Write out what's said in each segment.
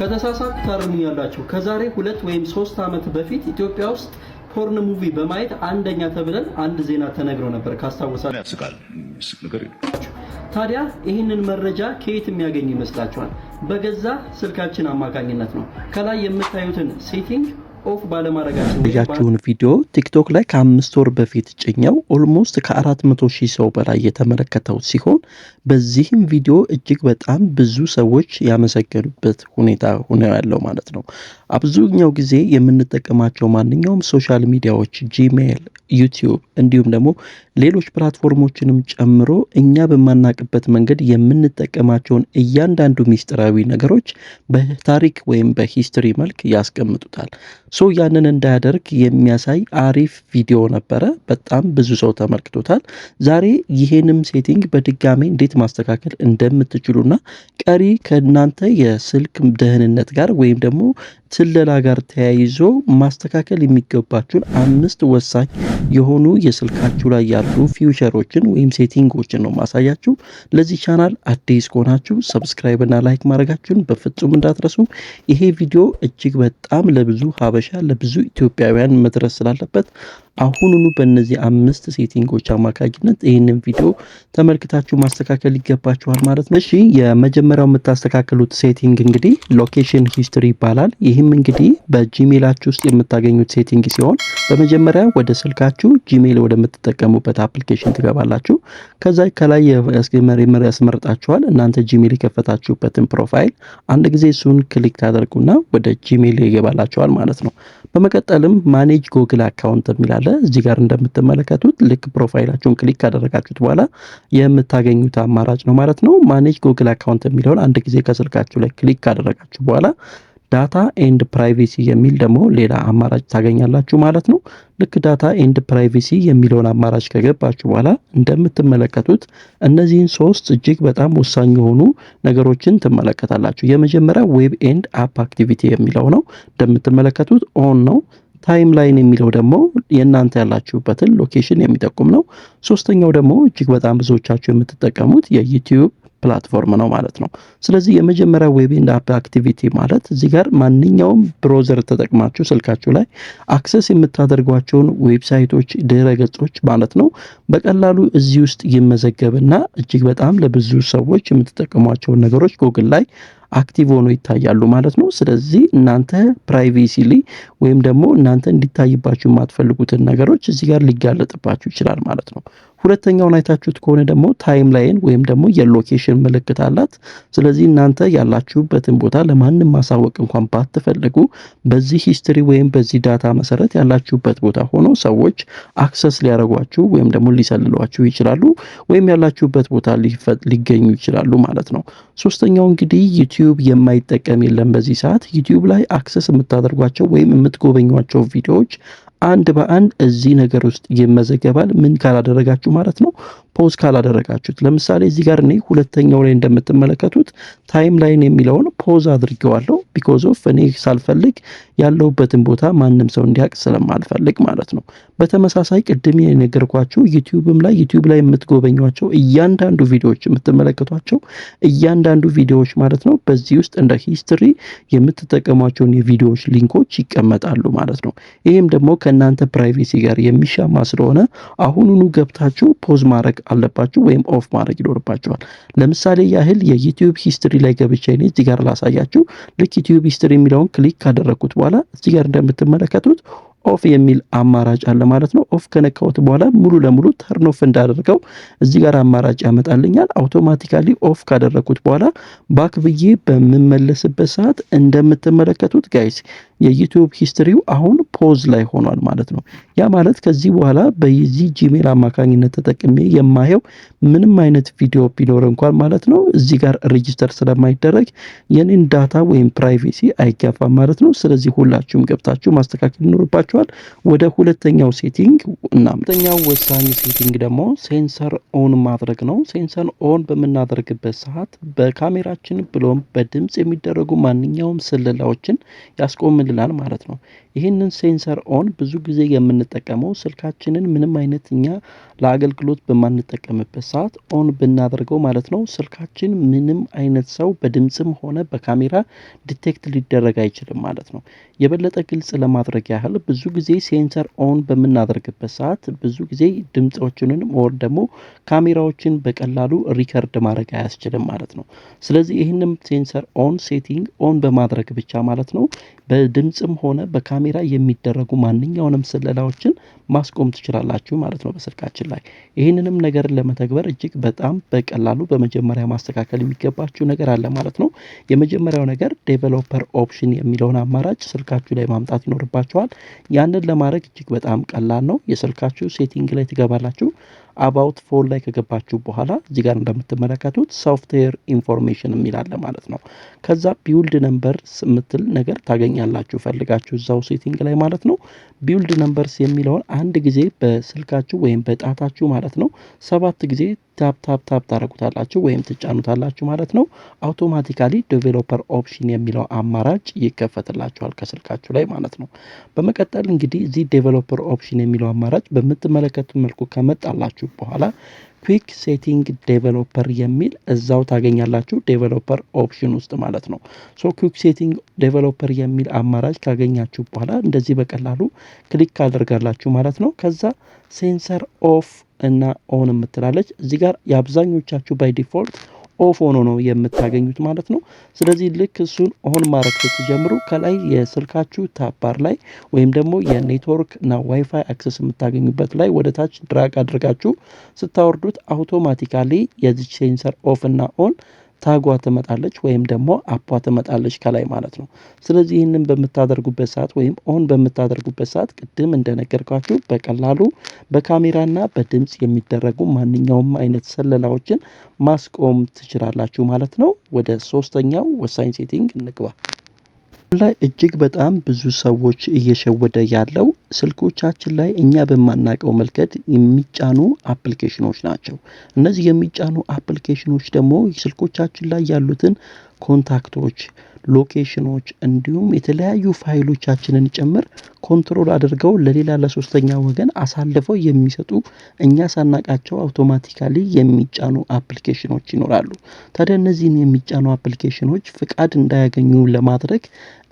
ከተሳሳት ታርሙኛላችሁ። ከዛሬ ሁለት ወይም ሶስት ዓመት በፊት ኢትዮጵያ ውስጥ ፖርን ሙቪ በማየት አንደኛ ተብለን አንድ ዜና ተነግሮ ነበር ካስታወሳችሁ። ታዲያ ይህንን መረጃ ከየት የሚያገኝ ይመስላችኋል? በገዛ ስልካችን አማካኝነት ነው። ከላይ የምታዩትን ሴቲንግ ያያችሁን ቪዲዮ ቲክቶክ ላይ ከአምስት ወር በፊት ጭኘው ኦልሞስት ከአራት መቶ ሺህ ሰው በላይ የተመለከተው ሲሆን በዚህም ቪዲዮ እጅግ በጣም ብዙ ሰዎች ያመሰገኑበት ሁኔታ ሆነ ያለው ማለት ነው። አብዛኛው ጊዜ የምንጠቀማቸው ማንኛውም ሶሻል ሚዲያዎች ጂሜይል፣ ዩቲዩብ እንዲሁም ደግሞ ሌሎች ፕላትፎርሞችንም ጨምሮ እኛ በማናቅበት መንገድ የምንጠቀማቸውን እያንዳንዱ ሚስጥራዊ ነገሮች በታሪክ ወይም በሂስትሪ መልክ ያስቀምጡታል። ሶ ያንን እንዳያደርግ የሚያሳይ አሪፍ ቪዲዮ ነበረ። በጣም ብዙ ሰው ተመልክቶታል። ዛሬ ይሄንም ሴቲንግ በድጋሚ እንዴት ማስተካከል እንደምትችሉና ቀሪ ከእናንተ የስልክ ደህንነት ጋር ወይም ደግሞ ስለላ ጋር ተያይዞ ማስተካከል የሚገባችሁን አምስት ወሳኝ የሆኑ የስልካችሁ ላይ ያሉ ፊውቸሮችን ወይም ሴቲንጎችን ነው ማሳያችሁ። ለዚህ ቻናል አዲስ ከሆናችሁ ሰብስክራይብ እና ላይክ ማድረጋችሁን በፍጹም እንዳትረሱ። ይሄ ቪዲዮ እጅግ በጣም ለብዙ ሀበ መዳበሻ ለብዙ ኢትዮጵያውያን መድረስ ስላለበት አሁኑኑ በእነዚህ አምስት ሴቲንጎች አማካኝነት ይህንን ቪዲዮ ተመልክታችሁ ማስተካከል ይገባችኋል ማለት ነው። እሺ የመጀመሪያው የምታስተካክሉት ሴቲንግ እንግዲህ ሎኬሽን ሂስትሪ ይባላል። ይህም እንግዲህ በጂሜላችሁ ውስጥ የምታገኙት ሴቲንግ ሲሆን በመጀመሪያ ወደ ስልካችሁ ጂሜል ወደምትጠቀሙበት አፕሊኬሽን ትገባላችሁ። ከዛ ከላይ ያስመርጣችኋል እናንተ ጂሜል የከፈታችሁበትን ፕሮፋይል አንድ ጊዜ እሱን ክሊክ ታደርጉና ወደ ጂሜል ይገባላችኋል ማለት ነው። በመቀጠልም ማኔጅ ጎግል አካውንት የሚላለ እዚህ ጋር እንደምትመለከቱት ልክ ፕሮፋይላችሁን ክሊክ ካደረጋችሁት በኋላ የምታገኙት አማራጭ ነው ማለት ነው። ማኔጅ ጉግል አካውንት የሚለውን አንድ ጊዜ ከስልካችሁ ላይ ክሊክ ካደረጋችሁ በኋላ ዳታ ኤንድ ፕራይቬሲ የሚል ደግሞ ሌላ አማራጭ ታገኛላችሁ ማለት ነው። ልክ ዳታ ኤንድ ፕራይቬሲ የሚለውን አማራጭ ከገባችሁ በኋላ እንደምትመለከቱት እነዚህን ሶስት እጅግ በጣም ወሳኝ የሆኑ ነገሮችን ትመለከታላችሁ። የመጀመሪያ ዌብ ኤንድ አፕ አክቲቪቲ የሚለው ነው። እንደምትመለከቱት ኦን ነው። ታይም ላይን የሚለው ደግሞ የእናንተ ያላችሁበትን ሎኬሽን የሚጠቁም ነው። ሶስተኛው ደግሞ እጅግ በጣም ብዙዎቻችሁ የምትጠቀሙት የዩቲዩብ ፕላትፎርም ነው ማለት ነው። ስለዚህ የመጀመሪያ ዌብ ኤንድ አፕ አክቲቪቲ ማለት እዚህ ጋር ማንኛውም ብሮዘር ተጠቅማችሁ ስልካችሁ ላይ አክሰስ የምታደርጓቸውን ዌብሳይቶች፣ ድረ ገጾች ማለት ነው በቀላሉ እዚህ ውስጥ ይመዘገብና እጅግ በጣም ለብዙ ሰዎች የምትጠቀሟቸውን ነገሮች ጎግል ላይ አክቲቭ ሆኖ ይታያሉ ማለት ነው። ስለዚህ እናንተ ፕራይቬሲሊ ወይም ደግሞ እናንተ እንዲታይባችሁ የማትፈልጉትን ነገሮች እዚህ ጋር ሊጋለጥባችሁ ይችላል ማለት ነው። ሁለተኛውን አይታችሁት ከሆነ ደግሞ ታይም ላይን ወይም ደግሞ የሎኬሽን ምልክት አላት። ስለዚህ እናንተ ያላችሁበትን ቦታ ለማንም ማሳወቅ እንኳን ባትፈልጉ በዚህ ሂስትሪ ወይም በዚህ ዳታ መሰረት ያላችሁበት ቦታ ሆኖ ሰዎች አክሰስ ሊያደርጓችሁ ወይም ደግሞ ሊሰልሏችሁ ይችላሉ፣ ወይም ያላችሁበት ቦታ ሊገኙ ይችላሉ ማለት ነው። ሶስተኛው እንግዲህ ዩቲዩብ የማይጠቀም የለም። በዚህ ሰዓት ዩቲዩብ ላይ አክሰስ የምታደርጓቸው ወይም የምትጎበኟቸው ቪዲዮዎች አንድ በአንድ እዚህ ነገር ውስጥ ይመዘገባል። ምን ካላደረጋችሁ ማለት ነው፣ ፖዝ ካላደረጋችሁት። ለምሳሌ እዚህ ጋር እኔ ሁለተኛው ላይ እንደምትመለከቱት ታይም ላይን የሚለውን ፖዝ አድርጌዋለሁ። ቢኮዝ ኦፍ እኔ ሳልፈልግ ያለሁበትን ቦታ ማንም ሰው እንዲያውቅ ስለማልፈልግ ማለት ነው። በተመሳሳይ ቅድም የነገርኳችሁ ዩቲዩብም ላይ ዩቲዩብ ላይ የምትጎበኟቸው እያንዳንዱ ቪዲዮዎች የምትመለከቷቸው እያንዳንዱ ቪዲዮዎች ማለት ነው በዚህ ውስጥ እንደ ሂስትሪ የምትጠቀሟቸውን የቪዲዮዎች ሊንኮች ይቀመጣሉ ማለት ነው። ይህም ደግሞ ከ ከእናንተ ፕራይቬሲ ጋር የሚሻማ ስለሆነ አሁኑኑ ገብታችሁ ፖዝ ማድረግ አለባችሁ ወይም ኦፍ ማድረግ ይኖርባችኋል። ለምሳሌ ያህል የዩቲዩብ ሂስትሪ ላይ ገብቼ እኔ እዚህ ጋር ላሳያችሁ። ልክ ዩቲዩብ ሂስትሪ የሚለውን ክሊክ ካደረግኩት በኋላ እዚህ ጋር እንደምትመለከቱት ኦፍ የሚል አማራጭ አለ ማለት ነው። ኦፍ ከነካሁት በኋላ ሙሉ ለሙሉ ተርኖፍ እንዳደርገው እዚህ ጋር አማራጭ ያመጣልኛል። አውቶማቲካሊ ኦፍ ካደረግኩት በኋላ ባክ ብዬ በምመለስበት ሰዓት እንደምትመለከቱት ጋይስ የዩቲዩብ ሂስትሪው አሁን ፖዝ ላይ ሆኗል ማለት ነው። ያ ማለት ከዚህ በኋላ በዚህ ጂሜል አማካኝነት ተጠቅሜ የማየው ምንም አይነት ቪዲዮ ቢኖር እንኳን ማለት ነው እዚህ ጋር ሬጂስተር ስለማይደረግ የኔን ዳታ ወይም ፕራይቬሲ አይጋፋም ማለት ነው። ስለዚህ ሁላችሁም ገብታችሁ ማስተካከል ይኖርባችኋል። ወደ ሁለተኛው ሴቲንግ እና ሁለተኛው ወሳኝ ሴቲንግ ደግሞ ሴንሰር ኦን ማድረግ ነው። ሴንሰር ኦን በምናደርግበት ሰዓት በካሜራችን ብሎም በድምፅ የሚደረጉ ማንኛውም ስለላዎችን ያስቆምል ያደርግልናል ማለት ነው። ይህንን ሴንሰር ኦን ብዙ ጊዜ የምንጠቀመው ስልካችንን ምንም አይነት እኛ ለአገልግሎት በማንጠቀምበት ሰዓት ኦን ብናደርገው ማለት ነው ስልካችን ምንም አይነት ሰው በድምጽም ሆነ በካሜራ ዲቴክት ሊደረግ አይችልም ማለት ነው። የበለጠ ግልጽ ለማድረግ ያህል ብዙ ጊዜ ሴንሰር ኦን በምናደርግበት ሰዓት ብዙ ጊዜ ድምፆችንንም ኦር ደግሞ ካሜራዎችን በቀላሉ ሪከርድ ማድረግ አያስችልም ማለት ነው። ስለዚህ ይህንን ሴንሰር ኦን ሴቲንግ ኦን በማድረግ ብቻ ማለት ነው። በድ ድምፅም ሆነ በካሜራ የሚደረጉ ማንኛውንም ስለላዎችን ማስቆም ትችላላችሁ ማለት ነው በስልካችን ላይ። ይህንንም ነገር ለመተግበር እጅግ በጣም በቀላሉ በመጀመሪያ ማስተካከል የሚገባችሁ ነገር አለ ማለት ነው። የመጀመሪያው ነገር ዴቨሎፐር ኦፕሽን የሚለውን አማራጭ ስልካችሁ ላይ ማምጣት ይኖርባችኋል። ያንን ለማድረግ እጅግ በጣም ቀላል ነው። የስልካችሁ ሴቲንግ ላይ ትገባላችሁ አባውት ፎን ላይ ከገባችሁ በኋላ እዚህ ጋር እንደምትመለከቱት ሶፍትዌር ኢንፎርሜሽን የሚላለ ማለት ነው። ከዛ ቢውልድ ነምበር የምትል ነገር ታገኛላችሁ ፈልጋችሁ እዛው ሴቲንግ ላይ ማለት ነው። ቢውልድ ነምበርስ የሚለውን አንድ ጊዜ በስልካችሁ ወይም በጣታችሁ ማለት ነው ሰባት ጊዜ ታፕ ታፕ ታፕ ታረጉታላችሁ ወይም ትጫኑታላችሁ ማለት ነው። አውቶማቲካሊ ዴቨሎፐር ኦፕሽን የሚለው አማራጭ ይከፈትላችኋል ከስልካችሁ ላይ ማለት ነው። በመቀጠል እንግዲህ እዚህ ዴቨሎፐር ኦፕሽን የሚለው አማራጭ በምትመለከቱ መልኩ ከመጣላችሁ በኋላ ኩዊክ ሴቲንግ ዴቨሎፐር የሚል እዛው ታገኛላችሁ ዴቨሎፐር ኦፕሽን ውስጥ ማለት ነው። ሶ ኩዊክ ሴቲንግ ዴቨሎፐር የሚል አማራጭ ካገኛችሁ በኋላ እንደዚህ በቀላሉ ክሊክ ካደርጋላችሁ ማለት ነው። ከዛ ሴንሰር ኦፍ እና ኦን የምትላለች እዚህ ጋር የአብዛኞቻችሁ ባይ ዲፎልት ኦፍ ሆኖ ነው የምታገኙት ማለት ነው። ስለዚህ ልክ እሱን ኦን ማድረግ ስትጀምሩ ከላይ የስልካችሁ ታባር ላይ ወይም ደግሞ የኔትወርክ እና ዋይፋይ አክሰስ የምታገኙበት ላይ ወደ ታች ድራግ አድርጋችሁ ስታወርዱት አውቶማቲካሊ የዚች ሴንሰር ኦፍ እና ኦን ታጓ ትመጣለች ወይም ደግሞ አፓ ትመጣለች ከላይ ማለት ነው። ስለዚህ ይህንን በምታደርጉበት ሰዓት ወይም ኦን በምታደርጉበት ሰዓት ቅድም እንደነገርኳችሁ በቀላሉ በካሜራና በድምፅ የሚደረጉ ማንኛውም አይነት ሰለላዎችን ማስቆም ትችላላችሁ ማለት ነው። ወደ ሶስተኛው ወሳኝ ሴቲንግ እንግባ። ላይ እጅግ በጣም ብዙ ሰዎች እየሸወደ ያለው ስልኮቻችን ላይ እኛ በማናቀው መልከት የሚጫኑ አፕሊኬሽኖች ናቸው። እነዚህ የሚጫኑ አፕሊኬሽኖች ደግሞ ስልኮቻችን ላይ ያሉትን ኮንታክቶች ሎኬሽኖች እንዲሁም የተለያዩ ፋይሎቻችንን ጭምር ኮንትሮል አድርገው ለሌላ ለሶስተኛ ወገን አሳልፈው የሚሰጡ እኛ ሳናቃቸው አውቶማቲካሊ የሚጫኑ አፕሊኬሽኖች ይኖራሉ። ታዲያ እነዚህን የሚጫኑ አፕሊኬሽኖች ፍቃድ እንዳያገኙ ለማድረግ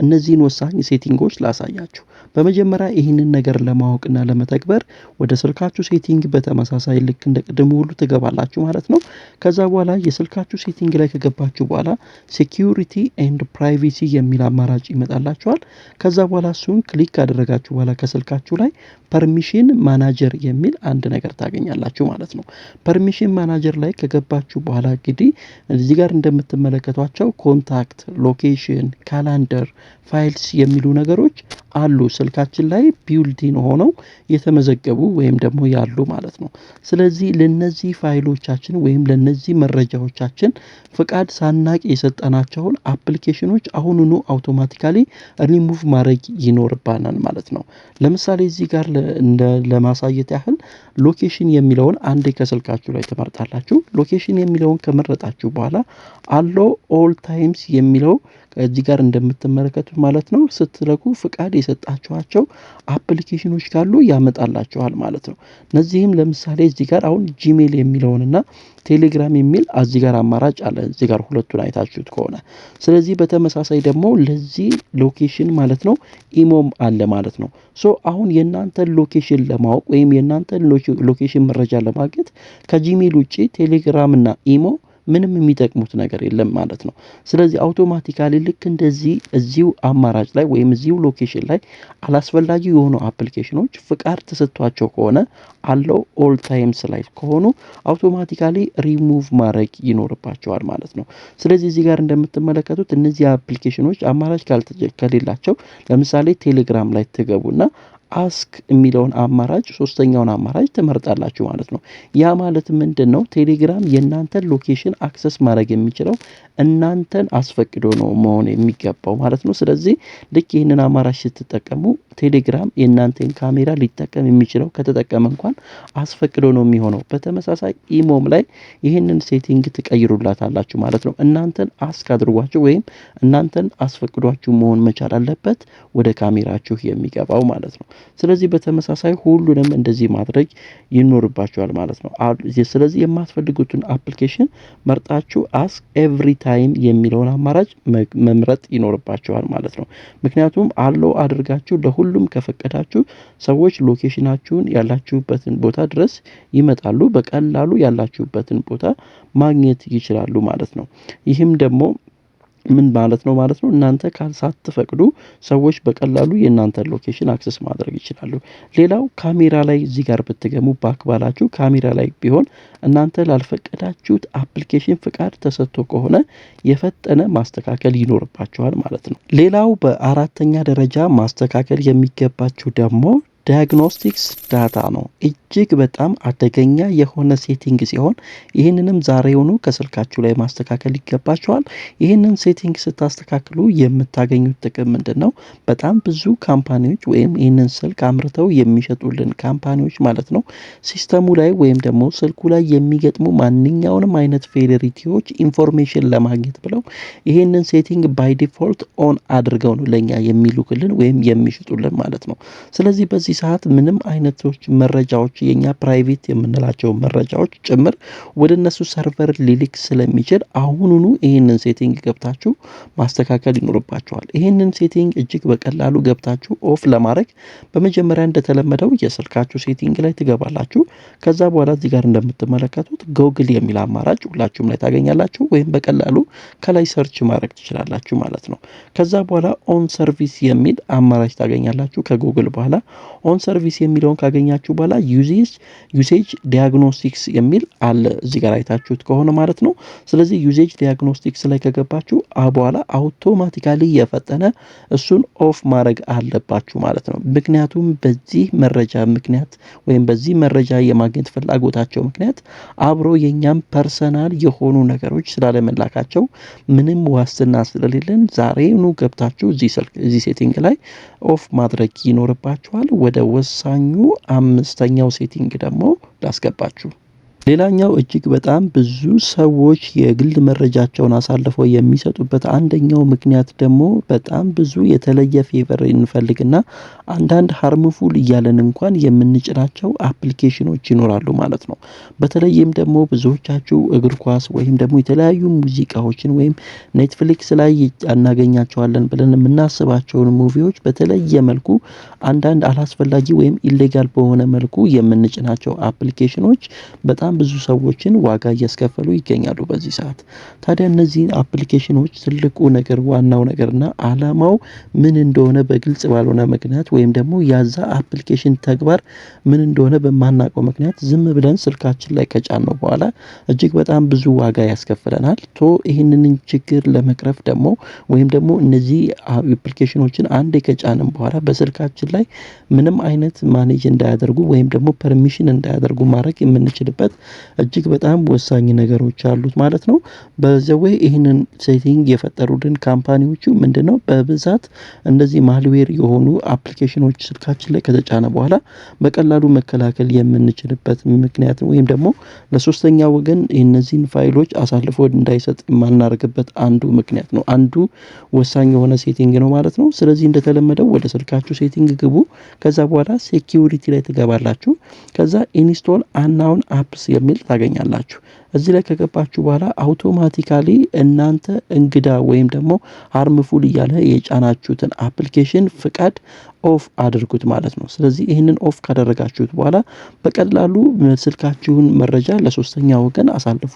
እነዚህን ወሳኝ ሴቲንጎች ላሳያችሁ። በመጀመሪያ ይህንን ነገር ለማወቅና ለመተግበር ወደ ስልካችሁ ሴቲንግ በተመሳሳይ ልክ እንደ ቅድሙ ሁሉ ትገባላችሁ ማለት ነው። ከዛ በኋላ የስልካችሁ ሴቲንግ ላይ ከገባችሁ በኋላ ሴኪዩሪቲ ኤንድ ፕራይቬሲ የሚል አማራጭ ይመጣላችኋል። ከዛ በኋላ እሱን ክሊክ ካደረጋችሁ በኋላ ከስልካችሁ ላይ ፐርሚሽን ማናጀር የሚል አንድ ነገር ታገኛላችሁ ማለት ነው። ፐርሚሽን ማናጀር ላይ ከገባችሁ በኋላ እንግዲህ እዚህ ጋር እንደምትመለከቷቸው ኮንታክት፣ ሎኬሽን፣ ካላንደር፣ ፋይልስ የሚሉ ነገሮች አሉ ስልካችን ላይ ቢውልዲን ሆነው የተመዘገቡ ወይም ደግሞ ያሉ ማለት ነው። ስለዚህ ለነዚህ ፋይሎቻችን ወይም ለነዚህ መረጃዎቻችን ፍቃድ ሳናቅ የሰጠናቸውን አፕሊኬሽኖች አሁኑኑ አውቶማቲካሊ ሪሙቭ ማድረግ ይኖርባናል ማለት ነው። ለምሳሌ እዚህ ጋር ለማሳየት ያህል ሎኬሽን የሚለውን አንዴ ከስልካችሁ ላይ ትመርጣላችሁ። ሎኬሽን የሚለውን ከመረጣችሁ በኋላ አሎ ኦል ታይምስ የሚለው እዚህ ጋር እንደምትመለከቱት ማለት ነው ስትለቁ ፍቃድ የሰጣችኋቸው አፕሊኬሽኖች ካሉ ያመጣላችኋል ማለት ነው። እነዚህም ለምሳሌ እዚህ ጋር አሁን ጂሜል የሚለውንና ቴሌግራም የሚል እዚህ ጋር አማራጭ አለ። እዚህ ጋር ሁለቱን አይታችሁት ከሆነ ስለዚህ በተመሳሳይ ደግሞ ለዚህ ሎኬሽን ማለት ነው ኢሞም አለ ማለት ነው። ሶ አሁን የእናንተን ሎኬሽን ለማወቅ ወይም የእናንተን ሎኬሽን መረጃ ለማግኘት ከጂሜል ውጭ ቴሌግራም እና ኢሞ ምንም የሚጠቅሙት ነገር የለም ማለት ነው። ስለዚህ አውቶማቲካሊ ልክ እንደዚህ እዚሁ አማራጭ ላይ ወይም እዚሁ ሎኬሽን ላይ አላስፈላጊ የሆኑ አፕሊኬሽኖች ፍቃድ ተሰጥቷቸው ከሆነ አለው ኦል ታይምስ ላይ ከሆኑ አውቶማቲካሊ ሪሙቭ ማድረግ ይኖርባቸዋል ማለት ነው። ስለዚህ እዚህ ጋር እንደምትመለከቱት እነዚህ አፕሊኬሽኖች አማራጭ ከሌላቸው ለምሳሌ ቴሌግራም ላይ ትገቡና አስክ የሚለውን አማራጭ ሶስተኛውን አማራጭ ትመርጣላችሁ ማለት ነው። ያ ማለት ምንድን ነው? ቴሌግራም የእናንተን ሎኬሽን አክሰስ ማድረግ የሚችለው እናንተን አስፈቅዶ ነው መሆን የሚገባው ማለት ነው። ስለዚህ ልክ ይህንን አማራጭ ስትጠቀሙ ቴሌግራም የእናንተን ካሜራ ሊጠቀም የሚችለው ከተጠቀመ እንኳን አስፈቅዶ ነው የሚሆነው። በተመሳሳይ ኢሞም ላይ ይህንን ሴቲንግ ትቀይሩላታላችሁ ማለት ነው። እናንተን አስክ አድርጓችሁ ወይም እናንተን አስፈቅዷችሁ መሆን መቻል አለበት ወደ ካሜራችሁ የሚገባው ማለት ነው። ስለዚህ በተመሳሳይ ሁሉንም እንደዚህ ማድረግ ይኖርባቸዋል ማለት ነው። ስለዚህ የማትፈልጉትን አፕሊኬሽን መርጣችሁ አስክ ኤቭሪ ታይም የሚለውን አማራጭ መምረጥ ይኖርባቸዋል ማለት ነው። ምክንያቱም አለው አድርጋችሁ ለሁሉም ከፈቀዳችሁ ሰዎች ሎኬሽናችሁን ያላችሁበትን ቦታ ድረስ ይመጣሉ። በቀላሉ ያላችሁበትን ቦታ ማግኘት ይችላሉ ማለት ነው። ይህም ደግሞ ምን ማለት ነው ማለት ነው እናንተ ሳትፈቅዱ ሰዎች በቀላሉ የእናንተ ሎኬሽን አክሰስ ማድረግ ይችላሉ። ሌላው ካሜራ ላይ እዚህ ጋር ብትገሙ በአክባላችሁ ካሜራ ላይ ቢሆን እናንተ ላልፈቀዳችሁት አፕሊኬሽን ፍቃድ ተሰጥቶ ከሆነ የፈጠነ ማስተካከል ይኖርባችኋል ማለት ነው። ሌላው በአራተኛ ደረጃ ማስተካከል የሚገባችሁ ደግሞ ዳያግኖስቲክስ ዳታ ነው። እጅግ በጣም አደገኛ የሆነ ሴቲንግ ሲሆን ይህንንም ዛሬውኑ ከስልካችሁ ላይ ማስተካከል ይገባችኋል። ይህንን ሴቲንግ ስታስተካክሉ የምታገኙት ጥቅም ምንድን ነው? በጣም ብዙ ካምፓኒዎች ወይም ይህንን ስልክ አምርተው የሚሸጡልን ካምፓኒዎች ማለት ነው ሲስተሙ ላይ ወይም ደግሞ ስልኩ ላይ የሚገጥሙ ማንኛውንም አይነት ፌዴሪቲዎች ኢንፎርሜሽን ለማግኘት ብለው ይህንን ሴቲንግ ባይ ዲፎልት ኦን አድርገው ነው ለእኛ የሚልኩልን ወይም የሚሸጡልን ማለት ነው። ስለዚህ በዚህ ሰዓት ምንም አይነቶች መረጃዎች የኛ ፕራይቬት የምንላቸው መረጃዎች ጭምር ወደ እነሱ ሰርቨር ሊልክ ስለሚችል አሁኑኑ ይህንን ሴቲንግ ገብታችሁ ማስተካከል ይኖርባችኋል። ይህንን ሴቲንግ እጅግ በቀላሉ ገብታችሁ ኦፍ ለማድረግ በመጀመሪያ እንደተለመደው የስልካችሁ ሴቲንግ ላይ ትገባላችሁ። ከዛ በኋላ እዚህ ጋር እንደምትመለከቱት ጎግል የሚል አማራጭ ሁላችሁም ላይ ታገኛላችሁ፣ ወይም በቀላሉ ከላይ ሰርች ማድረግ ትችላላችሁ ማለት ነው። ከዛ በኋላ ኦን ሰርቪስ የሚል አማራጭ ታገኛላችሁ ከጎግል በኋላ ኦን ሰርቪስ የሚለውን ካገኛችሁ በኋላ ዩዜጅ ዩሴጅ ዲያግኖስቲክስ የሚል አለ እዚህ ጋር አይታችሁት ከሆነ ማለት ነው። ስለዚህ ዩዜጅ ዲያግኖስቲክስ ላይ ከገባችሁ በኋላ አውቶማቲካሊ የፈጠነ እሱን ኦፍ ማድረግ አለባችሁ ማለት ነው። ምክንያቱም በዚህ መረጃ ምክንያት ወይም በዚህ መረጃ የማግኘት ፍላጎታቸው ምክንያት አብሮ የእኛም ፐርሰናል የሆኑ ነገሮች ስላለመላካቸው ምንም ዋስትና ስለሌለን ዛሬኑ ገብታችሁ እዚህ ሴቲንግ ላይ ኦፍ ማድረግ ይኖርባችኋል። ወደ ወሳኙ አምስተኛው ሴቲንግ ደግሞ ላስገባችሁ። ሌላኛው እጅግ በጣም ብዙ ሰዎች የግል መረጃቸውን አሳልፈው የሚሰጡበት አንደኛው ምክንያት ደግሞ በጣም ብዙ የተለየ ፌቨር እንፈልግና አንዳንድ ሃርምፉል እያለን እንኳን የምንጭናቸው አፕሊኬሽኖች ይኖራሉ ማለት ነው። በተለይም ደግሞ ብዙዎቻችሁ እግር ኳስ ወይም ደግሞ የተለያዩ ሙዚቃዎችን ወይም ኔትፍሊክስ ላይ እናገኛቸዋለን ብለን የምናስባቸውን ሙቪዎች በተለየ መልኩ አንዳንድ አላስፈላጊ ወይም ኢሌጋል በሆነ መልኩ የምንጭናቸው አፕሊኬሽኖች በጣም ብዙ ሰዎችን ዋጋ እያስከፈሉ ይገኛሉ በዚህ ሰዓት። ታዲያ እነዚህን አፕሊኬሽኖች ትልቁ ነገር ዋናው ነገርና አላማው ምን እንደሆነ በግልጽ ባልሆነ ምክንያት ወይም ደግሞ ያዛ አፕሊኬሽን ተግባር ምን እንደሆነ በማናውቀው ምክንያት ዝም ብለን ስልካችን ላይ ነው በኋላ እጅግ በጣም ብዙ ዋጋ ያስከፍለናል። ቶ ይህንን ችግር ለመቅረፍ ደግሞ ወይም ደግሞ እነዚህ አፕሊኬሽኖችን አንዴ ከጫንም በኋላ በስልካችን ላይ ምንም አይነት ማኔጅ እንዳያደርጉ ወይም ደግሞ ፐርሚሽን እንዳያደርጉ ማድረግ የምንችልበት እጅግ በጣም ወሳኝ ነገሮች አሉት ማለት ነው። በዘዌ ይህንን ሴቲንግ የፈጠሩልን ካምፓኒዎቹ ምንድነው በብዛት እንደዚህ ማልዌር የሆኑ አፕሊኬሽኖች ስልካችን ላይ ከተጫነ በኋላ በቀላሉ መከላከል የምንችልበት ምክንያት ወይም ደግሞ ለሶስተኛ ወገን እነዚህን ፋይሎች አሳልፎ እንዳይሰጥ የማናደርግበት አንዱ ምክንያት ነው። አንዱ ወሳኝ የሆነ ሴቲንግ ነው ማለት ነው። ስለዚህ እንደተለመደው ወደ ስልካችሁ ሴቲንግ ግቡ። ከዛ በኋላ ሴኪዩሪቲ ላይ ትገባላችሁ። ከዛ ኢንስቶል አናውን አፕስ የሚል ታገኛላችሁ እዚህ ላይ ከገባችሁ በኋላ አውቶማቲካሊ እናንተ እንግዳ ወይም ደግሞ አርምፉል እያለ የጫናችሁትን አፕሊኬሽን ፍቃድ ኦፍ አድርጉት ማለት ነው። ስለዚህ ይህንን ኦፍ ካደረጋችሁት በኋላ በቀላሉ ስልካችሁን መረጃ ለሶስተኛ ወገን አሳልፎ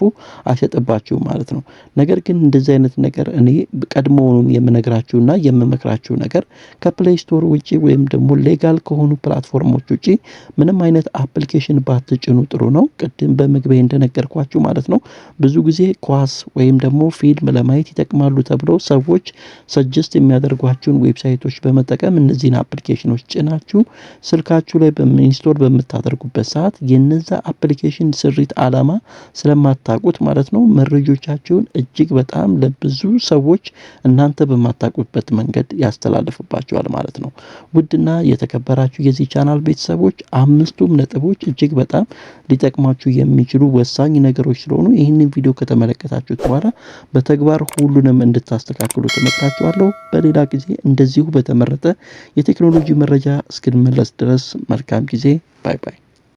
አይሰጥባችሁ ማለት ነው። ነገር ግን እንደዚህ አይነት ነገር እኔ ቀድሞውኑም የምነግራችሁና የምመክራችሁ ነገር ከፕሌይ ስቶር ውጭ ወይም ደግሞ ሌጋል ከሆኑ ፕላትፎርሞች ውጭ ምንም አይነት አፕሊኬሽን ባትጭኑ ጥሩ ነው። ቅድም በምግቤ እንደነገርኳችሁ ማለት ማለት ነው። ብዙ ጊዜ ኳስ ወይም ደግሞ ፊልም ለማየት ይጠቅማሉ ተብለው ሰዎች ሰጀስት የሚያደርጓችሁን ዌብሳይቶች በመጠቀም እነዚህን አፕሊኬሽኖች ጭናችሁ ስልካችሁ ላይ በኢንስቶል በምታደርጉበት ሰዓት የነዛ አፕሊኬሽን ስሪት አላማ ስለማታቁት ማለት ነው መረጆቻችሁን እጅግ በጣም ለብዙ ሰዎች እናንተ በማታቁበት መንገድ ያስተላልፍባቸዋል ማለት ነው። ውድና የተከበራችሁ የዚህ ቻናል ቤተሰቦች አምስቱም ነጥቦች እጅግ በጣም ሊጠቅማችሁ የሚችሉ ወሳኝ ነገሮች ነገሮች ስለሆኑ ይህንን ቪዲዮ ከተመለከታችሁት በኋላ በተግባር ሁሉንም እንድታስተካክሉ ተመክራችኋለሁ። በሌላ ጊዜ እንደዚሁ በተመረጠ የቴክኖሎጂ መረጃ እስክንመለስ ድረስ መልካም ጊዜ። ባይ ባይ።